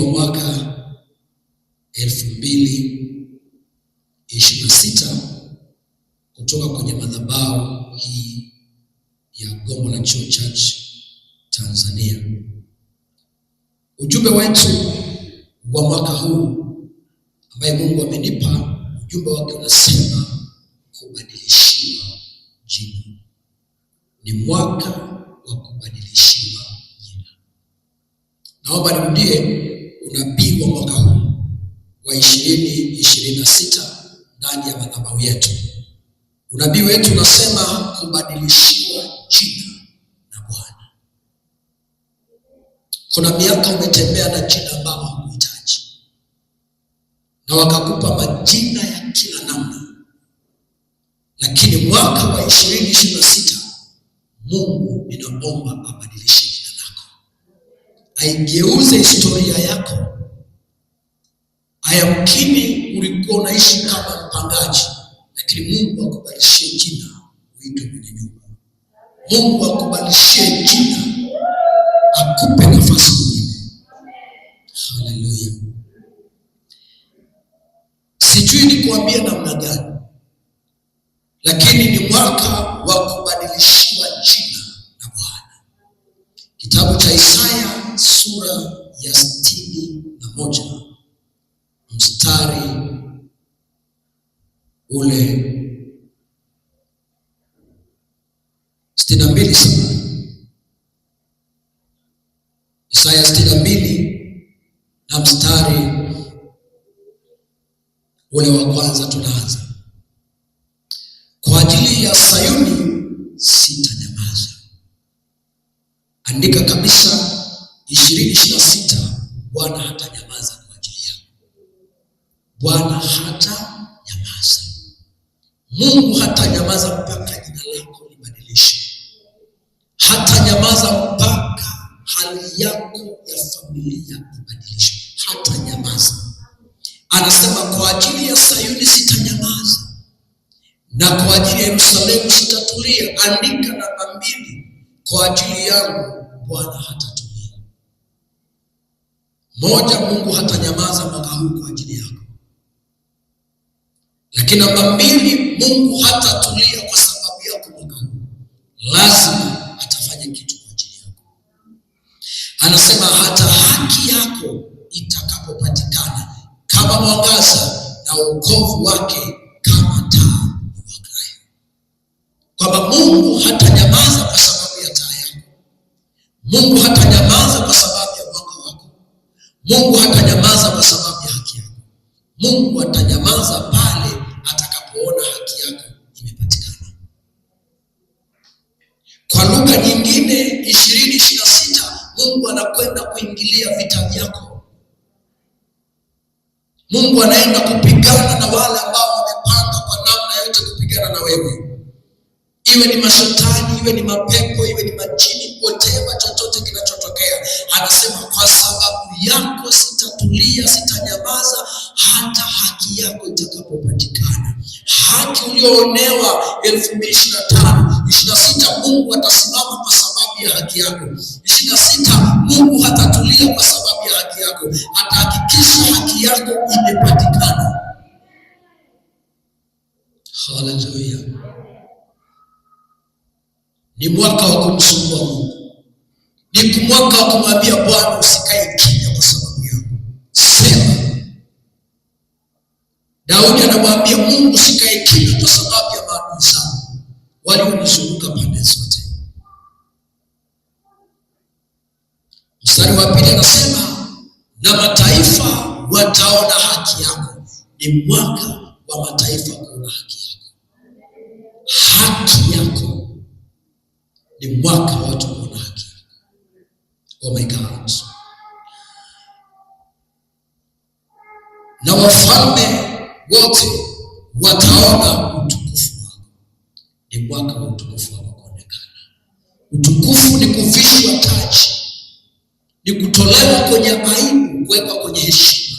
Mwaka elfu mbili ishirini na sita kutoka kwenye madhabahu hii ya Gombo la Chuo Church Tanzania. Ujumbe wetu wa mwaka huu ambaye Mungu amenipa ujumbe wake unasema kubadilishiwa jina. Ni mwaka wa kubadilishiwa jina. Naomba nirudie unapigwa mwaka huu wa ishirini ishirini na sita ndani ya madhabahu yetu. Unabii wetu unasema kubadilishiwa jina na Bwana. Kuna miaka umetembea na jina ambalo hukuhitaji, na wakakupa majina ya kila namna, lakini mwaka wa ishirini ishirini na sita Mungu ninaomba abadilishe aigeuze historia yako. Ayamkini ulikuwa unaishi kama mpangaji, lakini Mungu akubadilishie jina uitwe mwenye nyumba. Mungu akubadilishie jina, akupe nafasi nyingine. Haleluya! Sijui nikuambia namna gani, lakini ni mwaka wa kubadilishiwa jina na Bwana. Kitabu cha Isaya sura ya sitini na moja mstari ule sitini na mbili sana Isaya sitini na mbili na mstari ule wa kwanza tunaanza. Kwa ajili ya Sayuni sitanyamaza. Andika kabisa ishirini ishirini na sita Bwana hata nyamaza kwa ajili yako. Bwana hata nyamaza, Mungu hata nyamaza mpaka jina lako libadilishwe, hata nyamaza mpaka hali yako ya familia ibadilishwe, hata nyamaza. Anasema kwa ajili ya Sayuni sitanyamaza, na kwa ajili ya Yerusalemu sitatulia. Andika namba mbili, kwa ajili yangu Bwana hata moja, Mungu hatanyamaza mwaka huu kwa ajili yako, lakini namba mbili, Mungu hatatulia kwa sababu yako mwaka huu, lazima atafanya kitu kwa ajili yako. Anasema hata haki yako itakapopatikana kama mwangaza na wokovu wake kama taa iwakayo, kwamba Mungu hatanyamaza kwa sababu ya taa yako. Mungu hatanyamaza kwa sababu Mungu hatanyamaza kwa sababu ya haki yako. Mungu atanyamaza pale atakapoona haki yako imepatikana. Kwa lugha nyingine ishirini ishirini na sita Mungu anakwenda kuingilia vita vyako. Mungu anaenda kupigana na wale ambao wamepanga kwa namna yote kupigana na wewe, iwe ni mashetani, iwe ni mapepo, iwe ni majini, whatever, chochote kina anasema kwa sababu yako sitatulia, sitanyamaza hata haki yako itakapopatikana. Haki uliyoonewa elfu mbili ishirini na tano ishirini na sita Mungu atasimama kwa sababu ya haki yako. ishirini na sita Mungu hatatulia kwa sababu ya haki yako, atahakikisha haki yako imepatikana. Haleluya! Ni mwaka wa Mungu ni mwaka wa kumwambia Bwana, usikae kimya kwa sababu yangu, sema. Daudi anamwambia Mungu, usikae kimya kwa sababu ya maadui zangu walionizunguka pande zote. Mstari wa pili anasema na mataifa wataona haki yako. Ni mwaka wa mataifa kuona haki yako, haki yako ni mwaka watu kuona haki Oh my God. Na wafalme wote wataona utukufu wako. Ni mwaka wa utukufu wako kuonekana. Utukufu ni kuvishwa taji, ni kutolewa kwenye aibu, kuwekwa kwenye heshima.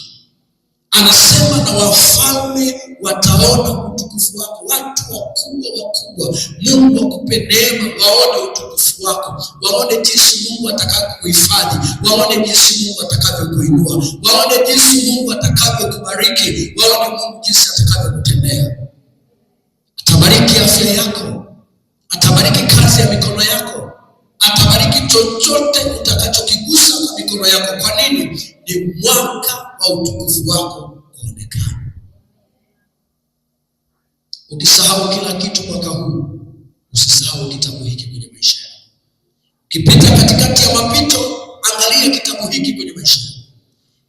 Anasema na wafalme wataona utukufu wako, watu wakubwa wakubwa. Mungu wakupe neema, waone utukufu wako, waone jinsi Mungu atakavyokuhifadhi, waone jinsi Mungu atakavyokuinua, waone jinsi Mungu atakavyokubariki, waone Mungu jinsi atakavyokutendea. Atabariki afya yako, atabariki kazi ya mikono yako, atabariki chochote utakachokigusa kwa mikono yako. Kwa nini? Ni mwaka wa utukufu wako kuonekana. Ukisahau kila kitu mwaka huu, usisahau kitabu hiki kwenye maisha yako. Ukipita katikati ya mapito, angalia kitabu hiki kwenye maisha yako,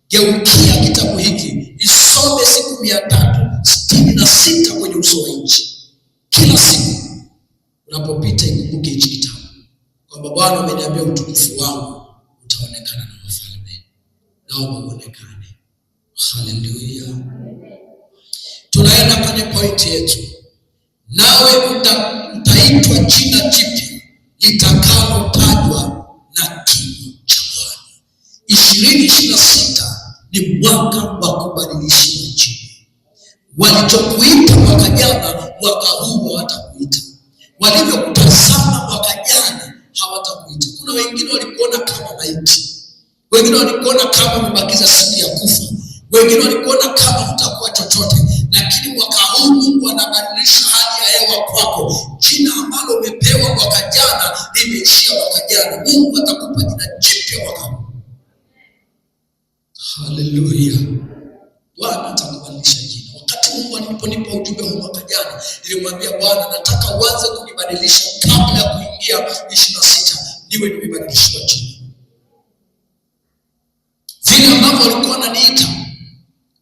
geukia kitabu hiki, isome siku mia tatu sitini na sita kwenye uso wa nchi. Kila siku unapopita, ikumbuke hichi kitabu kwamba Bwana ameniambia utukufu wangu utaonekana na wafalme, naomba uonekane. Haleluya. Tunaenda kwenye pointi yetu nawe utaitwa jina jipya litakalotajwa na kinywa cha Bwana. ishirini ishirini na sita ni mwaka wa kubadilisha jina. Walichokuita mwaka jana, mwaka huu watakuita Walivyokutazama mwaka jana, hawatakuita. Kuna wengine walikuona kama maiti, wengine walikuona kama umebakiza siku ya kufa, wengine walikuona kama utakuwa chochote lakini mwaka huu wanabadilisha hali ya hewa kwako. Jina ambalo umepewa mwaka jana limeishia mwaka jana. Mungu atakupa jina jipya mwaka huu. Haleluya! Bwana atakubadilisha jina. Wakati Mungu aliponipa ujumbe huu mwaka jana, nilimwambia Bwana, nataka uanze kunibadilisha kabla ya kuingia ishirini na sita niwe nimebadilishwa jina vile ambavyo walikuwa wananiita,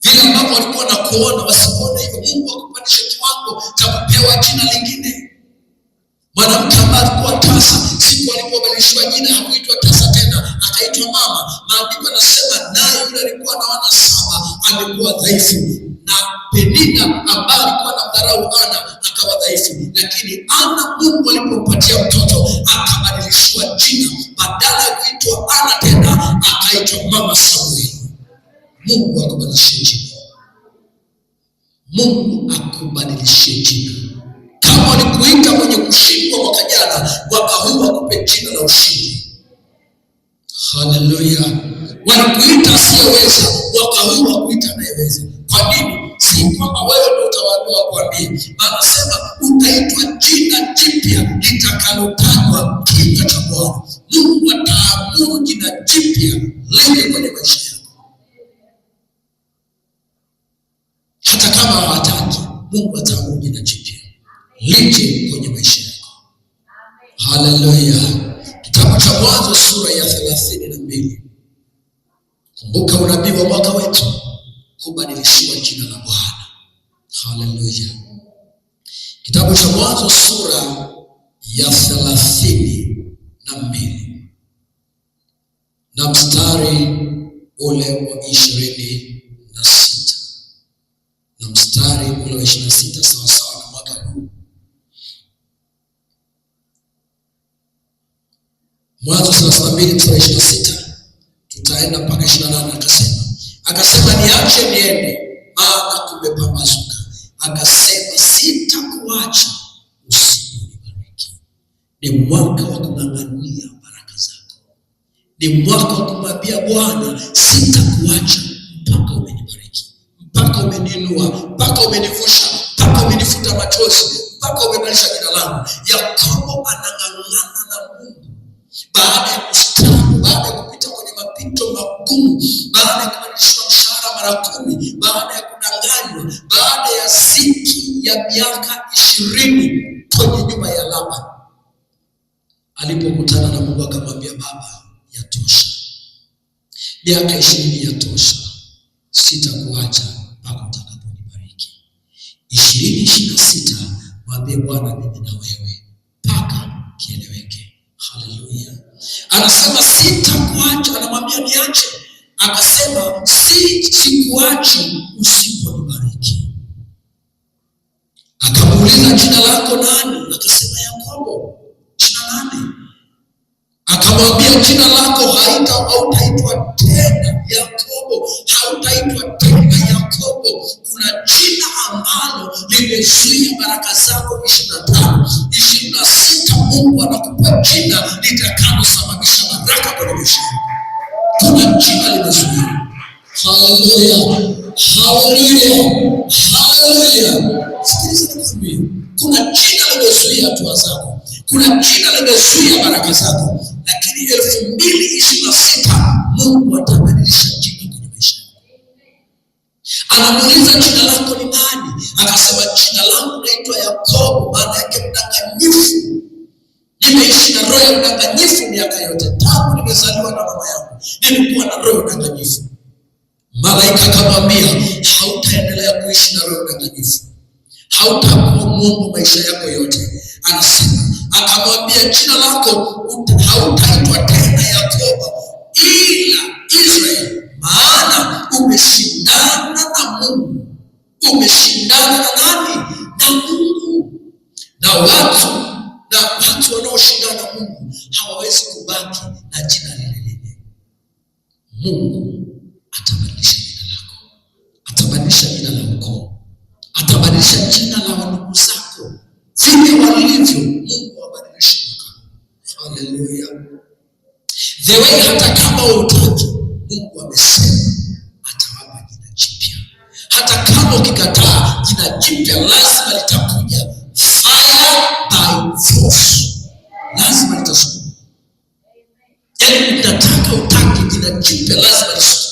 vile ambavyo walikuwa nakuona kiwango cha kupewa jina lingine. Mwanamke ambaye alikuwa tasa, siku alipobadilishwa jina hakuitwa tasa tena, akaitwa mama. Maandiko anasema naye yule alikuwa na wana saba amekuwa dhaifu, na Penina ambaye alikuwa na mdharau Ana akawa dhaifu, lakini Ana Mungu alipompatia mtoto akabadilishiwa jina, badala ya kuitwa Ana tena akaitwa mama Samweli. Mungu akabadilishia jina Mungu akubadilishie jina. Kama walikuita mwenye kushindwa mwaka jana, mwaka huu wakupe jina la ushindi. Haleluya! Walikuita asiyeweza, mwaka huu wakuita anayeweza. Kwa nini? Si kwamba wewe ndio utawaambiwa, kwambie, anasema utaitwa jina jipya litakalotajwa kinywa cha Bwana. Mungu ataamuru jina jipya lenye kwenye maisha kama hawataki, Mungu atamuji na jipya lije kwenye maisha yako. Haleluya! Kitabu cha Mwanzo sura ya thelathini na mbili. Kumbuka unabii wa mwaka wetu, kubadilishiwa jina la Bwana. Haleluya! Kitabu cha Mwanzo sura ya thelathini na mbili na mstari ule wa ishirini na na mstari ule wa ishirini na sita sawasawa na mwaka huu. Mwanzo thelathini na mbili mstari ishirini na sita tutaenda mpaka ishirini na nane Akasema, akasema niache niende, maana kumepambazuka. Akasema sitakuacha usiponibariki. Ni mwaka wa kung'ang'ania baraka zako, ni mwaka wa kumwambia Bwana sitakuacha umeniinua, mpaka umenivusha, mpaka umenifuta machozi, mpaka umebadilisha jina langu. Yakobo anang'ang'ana na Mungu baada ya kustamu, baada ya kupita kwenye mapito magumu, baada ya kubadilishwa mshahara mara kumi, baada ya kudanganywa, baada ya ziki ya miaka ishirini kwenye nyumba ya Labani, alipokutana na Mungu akamwambia, Baba, yatosha, miaka ishirini yatosha, sitakuacha ishirini ishirini na sita mwambie Bwana mimi na wewe mpaka kieleweke. Haleluya, anasema sitakuacha, anamwambia niache, akasema si sikuachi usiponibariki. Akamuuliza jina lako nani? Akasema Yakobo. Jina nani? akamwambia jina lako haita hautaitwa tena Yakobo, hautaitwa tena Yakobo. Kuna jina ambalo limezuia baraka zako ishirini na tano ishirini na sita Mungu anakupa jina litakalosababisha baraka kwenye maisha. Kuna jina limezuia. Haleluya, haleluya, haleluya. Sikiliza nikwambie, kuna jina limezuia hatua zako, kuna jina limezuia baraka zako lakini elfu mbili ishirini na sita Mungu atabadilisha jina kwenye maisha yako. anamuuliza jina lako ni nani? Akasema jina langu naitwa Yakobo, maana yake mdanganyifu. Nimeishi na roho ya mdanganyifu miaka yote tangu nimezaliwa na mama yangu, nilikuwa na roho ya mdanganyifu. Malaika akamwambia, hautaendelea kuishi na roho ya mdanganyifu hautakuwa Mungu maisha yako yote. Anasema akamwambia, jina lako hautaitwa tena Yakobo ila Israeli, maana umeshindana na Mungu. Umeshindana na nani? Na Mungu. Na watu na watu wanaoshindana na Mungu hawawezi kubaki na jina lile lile. Mungu atabadilisha kubadilisha jina la wandugu zako vile walivyo. Mungu wabadilishe. Haleluya. The way hata kama utaki, Mungu amesema atawapa jina jipya. Hata kama ukikataa, jina jipya lazima litakuja, fire by force, lazima litasukuma. Yaani unataka utaki, jina jipya lazima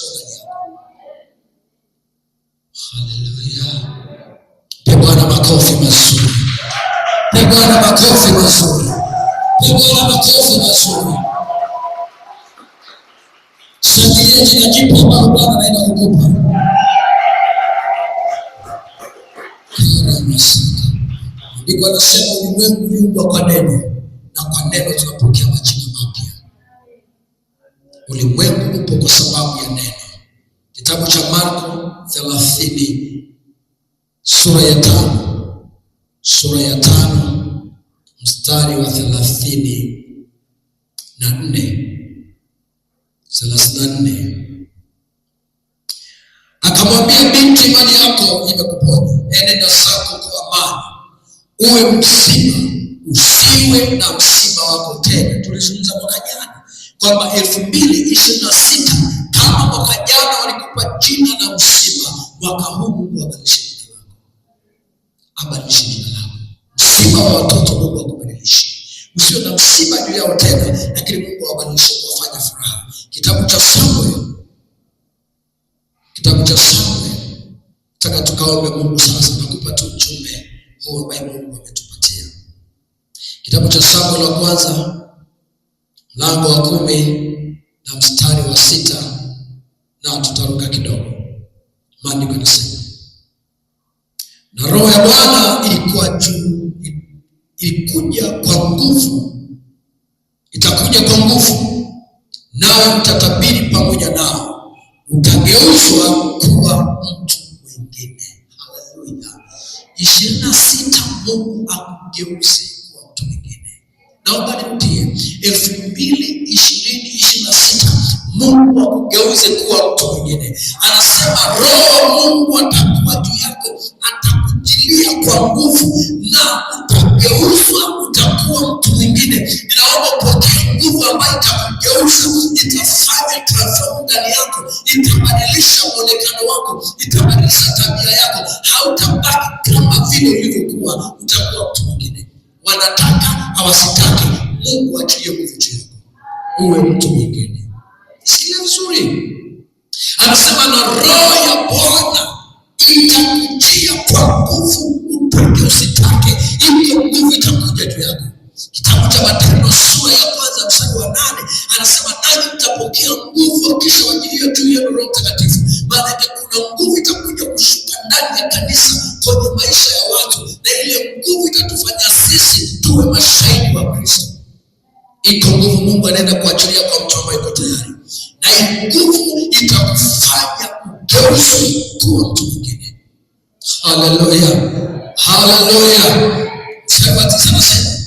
Bwana makofi mazuri, ni Bwana makofi mazuri, ni Bwana makofi mazuri. Shangilieni na jibu ambalo Bwana anaenda kukupa. Ndiko anasema ulimwengu uliumbwa kwa neno na kwa neno tunapokea majina mapya. Ulimwengu upo kwa sababu ya neno. Kitabu cha Marko thelathini sura ya tano sura ya tano mstari wa thelathini na nne thelathini na nne akamwambia, binti, mali yako imekuponya, enenda sako kwa amani, uwe mzima, usiwe na msiba wako tena. Tulizungumza mwaka jana kwamba elfu mbili ishirini na sita kama mwaka jana walikupa jina la msiba, mwaka huu Mungu abadilishe jina lako. Msiba wa watoto Mungu akubadilishe, usio na msiba juu yao tena, lakini Mungu awabadilishe kuwafanya furaha. Kitabu cha Samuel, kitabu cha Samuel, Nataka tukaombe Mungu sasa, nakupa tu ujumbe huu ambaye Mungu ametupatia. Kitabu cha Samuel la kwanza mlango wa kumi na mstari wa sita na tutaruka kidogo, maandiko yanasema Bwana ilikuwa juu, ilikuja kwa nguvu, itakuja kwa nguvu, nawe utatabiri pamoja nao, utageuzwa kuwa mtu mwingine. Haleluya! ishirini na sita Mungu akugeuze kuwa mtu mwingine. Naomba nirudie, elfu mbili ishirini ishirini na sita Mungu akugeuze kuwa mtu mwingine. Anasema Roho Mungu atakuwa juu yako ata kuachilia kwa nguvu na utageuzwa, utakuwa mtu mwingine. Ninaomba upokee nguvu ambayo itakugeuza, itafanya transform ndani yako, itabadilisha mwonekano wako, itabadilisha tabia yako. Hautabaki kama vile ulivyokuwa, utakuwa mtu mwingine. Wanataka hawasitaki, Mungu achilie nguvu, uwe mtu mwingine. upepo usitake, ili nguvu itakuja juu yako. Kitabu cha Matendo sura ya kwanza mstari wa nane anasema nanyi mtapokea nguvu akishawajilia juu yenu Roho Mtakatifu, maana kuna nguvu itakuja kushuka ndani ya kanisa kwenye maisha ya watu, na ile nguvu itatufanya sisi tuwe mashahidi wa Kristo. Iko nguvu Mungu anaenda kuachilia kwa mtu ambaye yuko tayari, na nguvu itakufanya ugeuzi kuwa mtu mwingine. Haleluya, haleluya. Sabati zinasema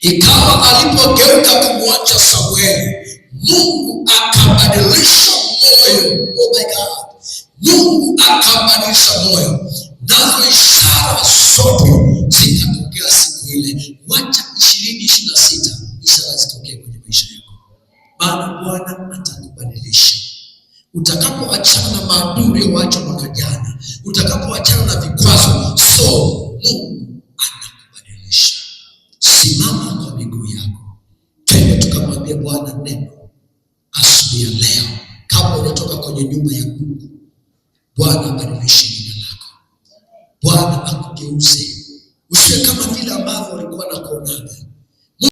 ikawa alipogeuka kumwacha Samueli, Mungu akabadilisha moyo. Oh my God, Mungu akabadilisha moyo, nazo ishara zote zikatokea siku ile. Wacha ishirini ishirini na sita ishara zitokee kwenye maisha yako, maana Bwana atakubadilisha utakapoachana na maadui wacho mwaka jana utakapoachana na vikwazo, so atakubadilisha. Simama kwa miguu yako, twende tukamwambia Bwana neno asubuhi ya leo, kama unatoka kwenye nyumba ya Mungu. Bwana abadilishe jina lako, Bwana akugeuze, usiwe kama vile ambavyo walikuwa nakuonaga